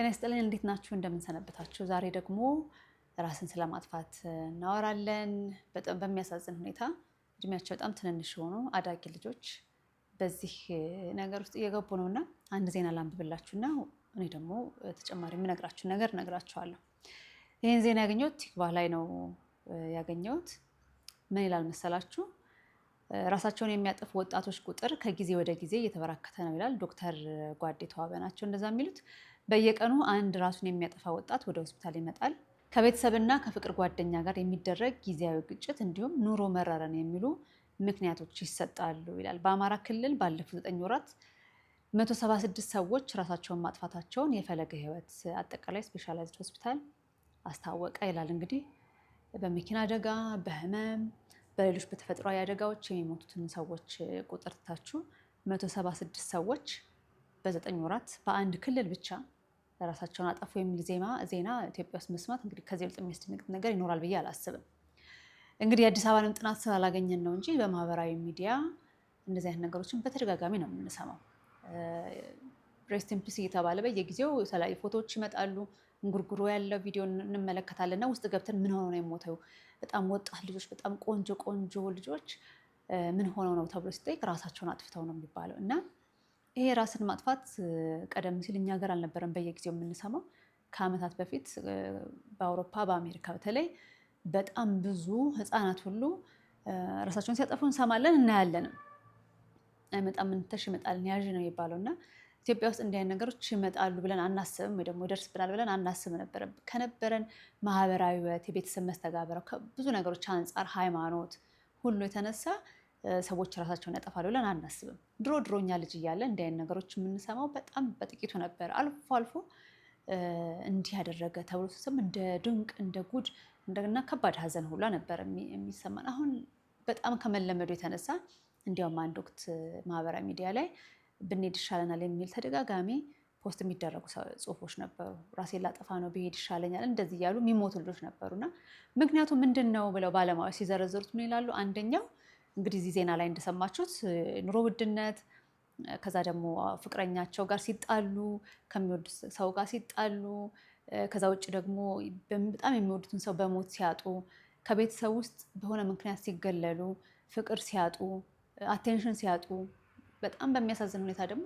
ጤና ይስጥልን። እንዴት ናችሁ? እንደምንሰነበታችሁ። ዛሬ ደግሞ ራስን ስለማጥፋት እናወራለን። በጣም በሚያሳዝን ሁኔታ እድሜያቸው በጣም ትንንሽ የሆኑ አዳጊ ልጆች በዚህ ነገር ውስጥ እየገቡ ነው እና አንድ ዜና ላንብብላችሁና እኔ ደግሞ ተጨማሪ የምነግራችሁን ነገር እነግራችኋለሁ። ይህን ዜና ያገኘሁት ቲክቫ ላይ ነው ያገኘሁት። ምን ይላል መሰላችሁ? ራሳቸውን የሚያጠፉ ወጣቶች ቁጥር ከጊዜ ወደ ጊዜ እየተበራከተ ነው ይላል። ዶክተር ጓዴ ተዋበ ናቸው እንደዛ የሚሉት በየቀኑ አንድ ራሱን የሚያጠፋ ወጣት ወደ ሆስፒታል ይመጣል። ከቤተሰብና ከፍቅር ጓደኛ ጋር የሚደረግ ጊዜያዊ ግጭት እንዲሁም ኑሮ መረረን የሚሉ ምክንያቶች ይሰጣሉ ይላል። በአማራ ክልል ባለፉት ዘጠኝ ወራት 176 ሰዎች ራሳቸውን ማጥፋታቸውን የፈለገ ህይወት አጠቃላይ ስፔሻላይዝድ ሆስፒታል አስታወቀ ይላል። እንግዲህ በመኪና አደጋ፣ በህመም፣ በሌሎች በተፈጥሯዊ አደጋዎች የሚሞቱትን ሰዎች ቁጥር ትታችሁ 176 ሰዎች በዘጠኝ ወራት በአንድ ክልል ብቻ ራሳቸውን አጠፉ የሚል ዜማ ዜና ኢትዮጵያ ውስጥ መስማት እንግዲህ ከዚህ በልጥ የሚያስደንቅ ነገር ይኖራል ብዬ አላስብም። እንግዲህ የአዲስ አበባንም ጥናት ስላላገኘን ነው እንጂ በማህበራዊ ሚዲያ እንደዚህ አይነት ነገሮችን በተደጋጋሚ ነው የምንሰማው። ሬስት ኢን ፒስ እየተባለ በየጊዜው የተለያዩ ፎቶዎች ይመጣሉ። እንጉርጉሮ ያለው ቪዲዮ እንመለከታለን እና ውስጥ ገብተን ምን ሆነው ነው የሞተው? በጣም ወጣት ልጆች፣ በጣም ቆንጆ ቆንጆ ልጆች ምን ሆነው ነው ተብሎ ሲጠይቅ ራሳቸውን አጥፍተው ነው የሚባለው እና ይሄ ራስን ማጥፋት ቀደም ሲል እኛ ሀገር አልነበረም በየጊዜው የምንሰማው። ከዓመታት በፊት በአውሮፓ በአሜሪካ በተለይ በጣም ብዙ ህፃናት ሁሉ ራሳቸውን ሲያጠፉ እንሰማለን እናያለንም። አይመጣም እንተሽ ይመጣል ያዥ ነው የሚባለው እና ኢትዮጵያ ውስጥ እንዲህ ነገሮች ይመጣሉ ብለን አናስብም፣ ወይ ደግሞ ይደርስብናል ብለን አናስብ ነበረ። ከነበረን ማህበራዊ ህይወት፣ የቤተሰብ መስተጋበረው ብዙ ነገሮች አንጻር ሃይማኖት ሁሉ የተነሳ ሰዎች ራሳቸውን ያጠፋሉ ብለን አናስብም። ድሮ ድሮኛ ልጅ እያለ እንዲህ አይነት ነገሮች የምንሰማው በጣም በጥቂቱ ነበር። አልፎ አልፎ እንዲህ ያደረገ ተብሎ ስም እንደ ድንቅ እንደ ጉድ እንደገና ከባድ ሀዘን ሁላ ነበር የሚሰማን። አሁን በጣም ከመለመዱ የተነሳ እንዲያውም አንድ ወቅት ማህበራዊ ሚዲያ ላይ ብንሄድ ይሻለናል የሚል ተደጋጋሚ ፖስት የሚደረጉ ጽሁፎች ነበሩ። ራሴን ላጠፋ ነው ብሄድ ይሻለኛል እንደዚህ እያሉ የሚሞቱ ልጆች ነበሩና ምክንያቱ ምንድን ነው ብለው ባለሙያዎች ሲዘረዘሩት ምን ይላሉ? አንደኛው እንግዲህ እዚህ ዜና ላይ እንደሰማችሁት ኑሮ ውድነት ከዛ ደግሞ ፍቅረኛቸው ጋር ሲጣሉ ከሚወዱት ሰው ጋር ሲጣሉ ከዛ ውጭ ደግሞ በጣም የሚወዱትን ሰው በሞት ሲያጡ ከቤተሰብ ውስጥ በሆነ ምክንያት ሲገለሉ ፍቅር ሲያጡ አቴንሽን ሲያጡ በጣም በሚያሳዝን ሁኔታ ደግሞ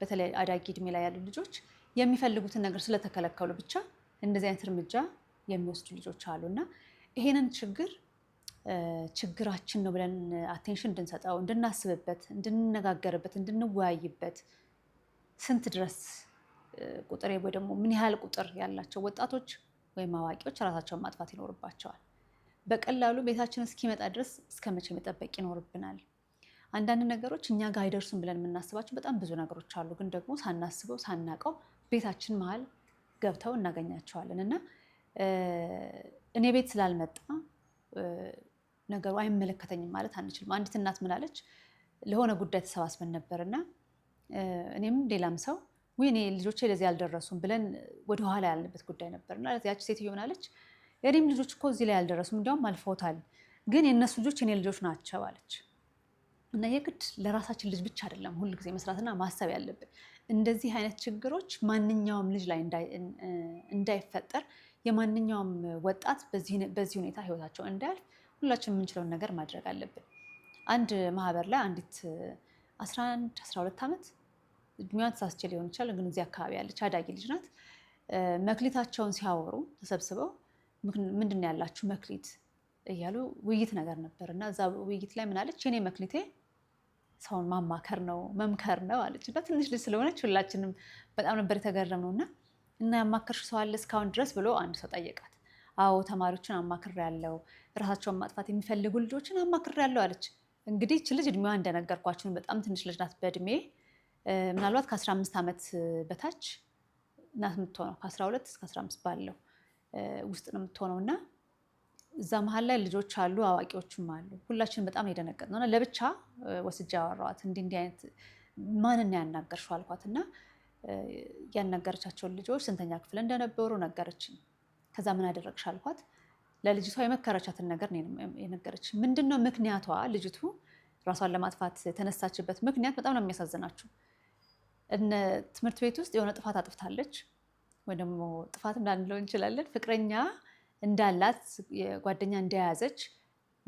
በተለይ አዳጊ እድሜ ላይ ያሉ ልጆች የሚፈልጉትን ነገር ስለተከለከሉ ብቻ እንደዚህ አይነት እርምጃ የሚወስዱ ልጆች አሉ እና ይሄንን ችግር ችግራችን ነው ብለን አቴንሽን እንድንሰጠው፣ እንድናስብበት፣ እንድንነጋገርበት፣ እንድንወያይበት ስንት ድረስ ቁጥር ወይ ደግሞ ምን ያህል ቁጥር ያላቸው ወጣቶች ወይም አዋቂዎች ራሳቸውን ማጥፋት ይኖርባቸዋል። በቀላሉ ቤታችን እስኪመጣ ድረስ እስከ መቼ መጠበቅ ይኖርብናል? አንዳንድ ነገሮች እኛ ጋር አይደርሱም ብለን የምናስባቸው በጣም ብዙ ነገሮች አሉ። ግን ደግሞ ሳናስበው ሳናቀው ቤታችን መሀል ገብተው እናገኛቸዋለን እና እኔ ቤት ስላልመጣ ነገሩ አይመለከተኝም ማለት አንችልም። አንዲት እናት ምላለች ለሆነ ጉዳይ ተሰባስበን ነበር እና እኔም ሌላም ሰው ወይኔ እኔ ልጆቼ ለዚህ አልደረሱም ብለን ወደኋላ ያልንበት ጉዳይ ነበር ያች ሴትዮ ምናለች የእኔም ልጆች እኮ እዚህ ላይ አልደረሱም፣ እንዲያውም አልፈውታል፣ ግን የእነሱ ልጆች የኔ ልጆች ናቸው አለች። እና የግድ ለራሳችን ልጅ ብቻ አይደለም ሁል ጊዜ መስራትና ማሰብ ያለብን። እንደዚህ አይነት ችግሮች ማንኛውም ልጅ ላይ እንዳይፈጠር የማንኛውም ወጣት በዚህ ሁኔታ ህይወታቸው እንዳያልፍ ሁላችን የምንችለውን ነገር ማድረግ አለብን። አንድ ማህበር ላይ አንዲት 11 12 ዓመት እድሜዋን ተሳስቼ ሊሆን ይችላል፣ ግን እዚህ አካባቢ ያለች አዳጊ ልጅ ናት። መክሊታቸውን ሲያወሩ ተሰብስበው ምንድን ነው ያላችሁ መክሊት እያሉ ውይይት ነገር ነበር እና እዛ ውይይት ላይ ምን አለች? የኔ መክሊቴ ሰውን ማማከር ነው መምከር ነው አለች። እና ትንሽ ልጅ ስለሆነች ሁላችንም በጣም ነበር የተገረምነው እና እና ያማከርሽ ሰው አለ እስካሁን ድረስ ብሎ አንድ ሰው ጠየቃት። አዎ ተማሪዎችን አማክር ያለው ራሳቸውን ማጥፋት የሚፈልጉ ልጆችን አማክር ያለው አለች። እንግዲህ ች ልጅ እድሜዋ እንደነገርኳችሁን በጣም ትንሽ ልጅ ናት። በእድሜ ምናልባት ከ15 ዓመት በታች ናት የምትሆነው፣ ከ12 እስከ 15 ባለው ውስጥ ነው የምትሆነው እና እዛ መሀል ላይ ልጆች አሉ፣ አዋቂዎችም አሉ። ሁላችንም በጣም የደነገጥ ነው። ለብቻ ወስጃ ያወራዋት እንዲህ እንዲህ አይነት ማንን ያናገርሽው አልኳት እና ያናገረቻቸውን ልጆች ስንተኛ ክፍል እንደነበሩ ነገረችኝ። ከዛ ምን አደረግሽ አልኳት። ለልጅቷ የመከረቻትን ነገር የነገረች ምንድን ነው ምክንያቷ? ልጅቱ ራሷን ለማጥፋት የተነሳችበት ምክንያት በጣም ነው የሚያሳዝናችሁ። ትምህርት ቤት ውስጥ የሆነ ጥፋት አጥፍታለች፣ ወይ ደግሞ ጥፋት እንዳንለው እንችላለን። ፍቅረኛ እንዳላት ጓደኛ እንደያዘች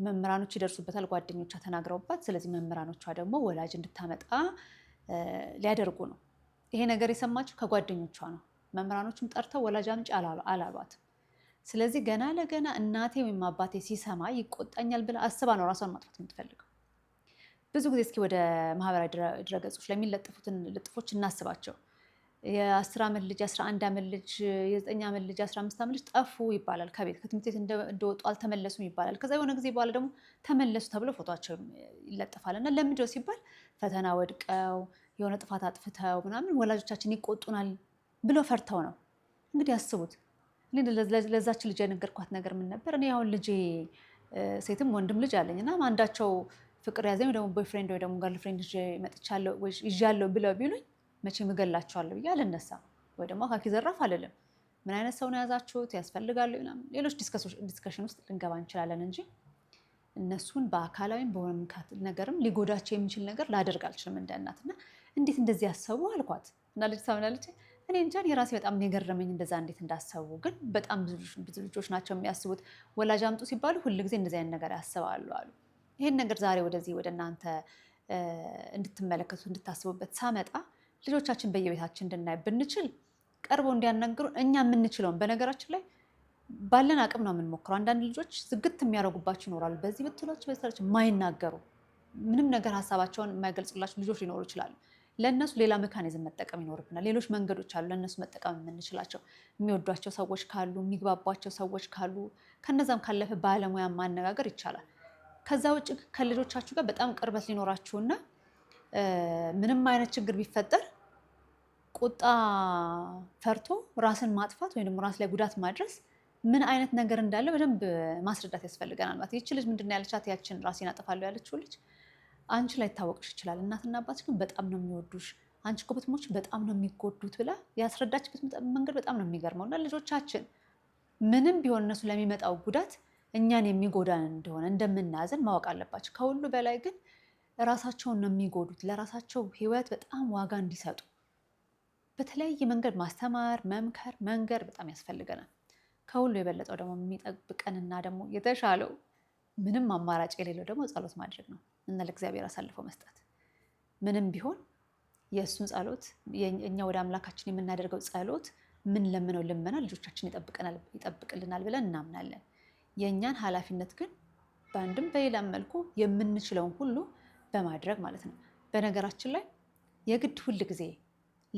መምህራኖች ይደርሱበታል፣ ጓደኞቿ ተናግረውባት፣ ስለዚህ መምህራኖቿ ደግሞ ወላጅ እንድታመጣ ሊያደርጉ ነው። ይሄ ነገር የሰማችው ከጓደኞቿ ነው። መምህራኖቹም ጠርተው ወላጅ አምጪ አላሏት። ስለዚህ ገና ለገና እናቴ ወይም አባቴ ሲሰማ ይቆጣኛል ብላ አስባ ነው ራሷን ማጥፋት የምትፈልገው። ብዙ ጊዜ እስኪ ወደ ማህበራዊ ድረገጾች ለሚለጥፉትን ልጥፎች እናስባቸው። የአስር ዓመት ልጅ፣ አስራ አንድ ዓመት ልጅ፣ የዘጠኝ ዓመት ልጅ፣ አስራ አምስት ዓመት ልጅ ጠፉ ይባላል። ከቤት ከትምህርት ቤት እንደወጡ አልተመለሱም ይባላል። ከዛ የሆነ ጊዜ በኋላ ደግሞ ተመለሱ ተብሎ ፎቶቸው ይለጠፋል እና ለምንድነው ሲባል ፈተና ወድቀው የሆነ ጥፋት አጥፍተው ምናምን ወላጆቻችን ይቆጡናል ብለው ፈርተው ነው። እንግዲህ አስቡት። እኔ ለዛች ልጅ የነገርኳት ነገር ምን ነበር? እኔ አሁን ልጄ ሴትም ወንድም ልጅ አለኝ እና አንዳቸው ፍቅር ያዘኝ ወይ ደግሞ ቦይፍሬንድ ወይ ደግሞ ገርልፍሬንድ ይዣለሁ ብለው ቢሉኝ መቼ እገላቸዋለሁ ብዬ አልነሳም፣ ወይ ደግሞ አካኪ ዘራፍ አልልም። ምን አይነት ሰው ነው የያዛችሁት? ያስፈልጋሉ? ሌሎች ዲስከሽን ውስጥ ልንገባ እንችላለን እንጂ እነሱን በአካላዊም በሆነ ነገርም ሊጎዳቸው የሚችል ነገር ላደርግ አልችልም እንደ እናት እና እንዴት እንደዚህ ያሰቡ አልኳት እና ልጅ ታምናለች እኔ እንጃ የራሴ በጣም የገረመኝ እንደዛ እንዴት እንዳሰቡ ግን በጣም ብዙ ልጆች ናቸው የሚያስቡት። ወላጅ አምጡ ሲባሉ ጊዜ እንደዚህ አይነት ነገር ያስባሉ አሉ። ይህን ነገር ዛሬ ወደዚህ ወደ እናንተ እንድትመለከቱ እንድታስቡበት ሳመጣ ልጆቻችን በየቤታችን እንድናይ ብንችል ቀርቦ እንዲያናግሩ እኛ የምንችለውን በነገራችን ላይ ባለን አቅም ነው የምንሞክረው። አንዳንድ ልጆች ዝግት የሚያደርጉባቸው ይኖራሉ። በዚህ ብትሏቸው በዚህ ማይናገሩ ምንም ነገር ሀሳባቸውን የማይገልጽላቸው ልጆች ሊኖሩ ይችላሉ። ለእነሱ ሌላ መካኒዝም መጠቀም ይኖርብናል። ሌሎች መንገዶች አሉ ለእነሱ መጠቀም የምንችላቸው። የሚወዷቸው ሰዎች ካሉ፣ የሚግባቧቸው ሰዎች ካሉ፣ ከነዛም ካለፈ ባለሙያ ማነጋገር ይቻላል። ከዛ ውጭ ከልጆቻችሁ ጋር በጣም ቅርበት ሊኖራችሁና ምንም አይነት ችግር ቢፈጠር ቁጣ ፈርቶ ራስን ማጥፋት ወይም ራስ ላይ ጉዳት ማድረስ ምን አይነት ነገር እንዳለ በደንብ ማስረዳት ያስፈልገናል። ማለት ይቺ ልጅ ምንድን ነው ያለቻት? ያችን ራሴን አጠፋለሁ ያለችው ልጅ አንቺ ላይ ታወቅሽ ይችላል። እናትና አባት ግን በጣም ነው የሚወዱሽ አንቺ እኮ ብትሞች በጣም ነው የሚጎዱት ብላ ያስረዳችበት መንገድ በጣም ነው የሚገርመው። እና ልጆቻችን ምንም ቢሆን እነሱ ለሚመጣው ጉዳት እኛን የሚጎዳን እንደሆነ እንደምናያዘን ማወቅ አለባቸው። ከሁሉ በላይ ግን ራሳቸውን ነው የሚጎዱት። ለራሳቸው ሕይወት በጣም ዋጋ እንዲሰጡ በተለያየ መንገድ ማስተማር፣ መምከር፣ መንገድ በጣም ያስፈልገናል። ከሁሉ የበለጠው ደግሞ የሚጠብቀንና ደግሞ የተሻለው ምንም አማራጭ የሌለው ደግሞ ጸሎት ማድረግ ነው። እና ለእግዚአብሔር አሳልፎ መስጠት ምንም ቢሆን የእሱን ጸሎት እኛ ወደ አምላካችን የምናደርገው ጸሎት ምን ለምነው ልመና ልጆቻችን ይጠብቅልናል ብለን እናምናለን። የእኛን ኃላፊነት ግን በአንድም በሌላም መልኩ የምንችለውን ሁሉ በማድረግ ማለት ነው። በነገራችን ላይ የግድ ሁል ጊዜ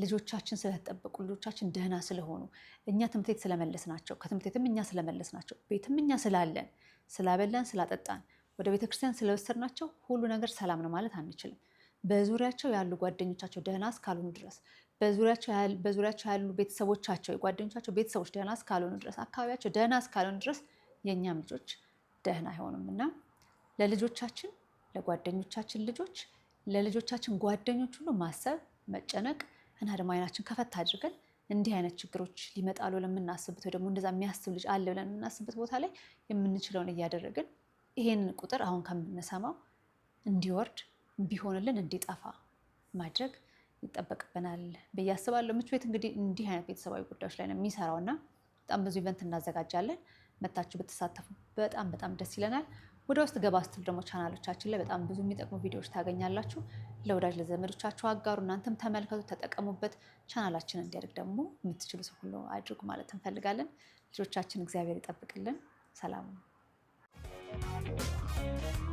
ልጆቻችን ስለተጠበቁ ልጆቻችን ደህና ስለሆኑ እኛ ትምህርት ቤት ስለመለስ ናቸው ከትምህርት ቤትም እኛ ስለመለስ ናቸው ቤትም እኛ ስላለን ስላበላን ስላጠጣን ወደ ቤተክርስቲያን ስለወሰድናቸው ሁሉ ነገር ሰላም ነው ማለት አንችልም። በዙሪያቸው ያሉ ጓደኞቻቸው ደህና እስካልሆኑ ድረስ በዙሪያቸው ያሉ ቤተሰቦቻቸው፣ የጓደኞቻቸው ቤተሰቦች ደህና እስካልሆኑ ድረስ፣ አካባቢያቸው ደህና እስካልሆኑ ድረስ የእኛም ልጆች ደህና አይሆኑም እና ለልጆቻችን፣ ለጓደኞቻችን ልጆች፣ ለልጆቻችን ጓደኞች ሁሉ ማሰብ መጨነቅ እና ደግሞ አይናችን ከፈት አድርገን እንዲህ አይነት ችግሮች ሊመጣሉ ለምናስብበት ወይ ደግሞ እንደዛ የሚያስብ ልጅ አለ ብለን የምናስብበት ቦታ ላይ የምንችለውን እያደረግን ይሄን ቁጥር አሁን ከምንሰማው እንዲወርድ ቢሆንልን እንዲጠፋ ማድረግ ይጠበቅብናል ብዬ አስባለሁ። ምቹ ቤት እንግዲህ እንዲህ አይነት ቤተሰባዊ ጉዳዮች ላይ ነው የሚሰራው እና በጣም ብዙ ኢቨንት እናዘጋጃለን። መታችሁ ብትሳተፉ በጣም በጣም ደስ ይለናል። ወደ ውስጥ ገባ ስትል ደግሞ ቻናሎቻችን ላይ በጣም ብዙ የሚጠቅሙ ቪዲዮዎች ታገኛላችሁ። ለወዳጅ ለዘመዶቻችሁ አጋሩ፣ እናንተም ተመልከቱ፣ ተጠቀሙበት። ቻናላችን እንዲያድግ ደግሞ የምትችሉ ሰው ሁሉ አድርጉ ማለት እንፈልጋለን። ልጆቻችን እግዚአብሔር ይጠብቅልን። ሰላም Thank you.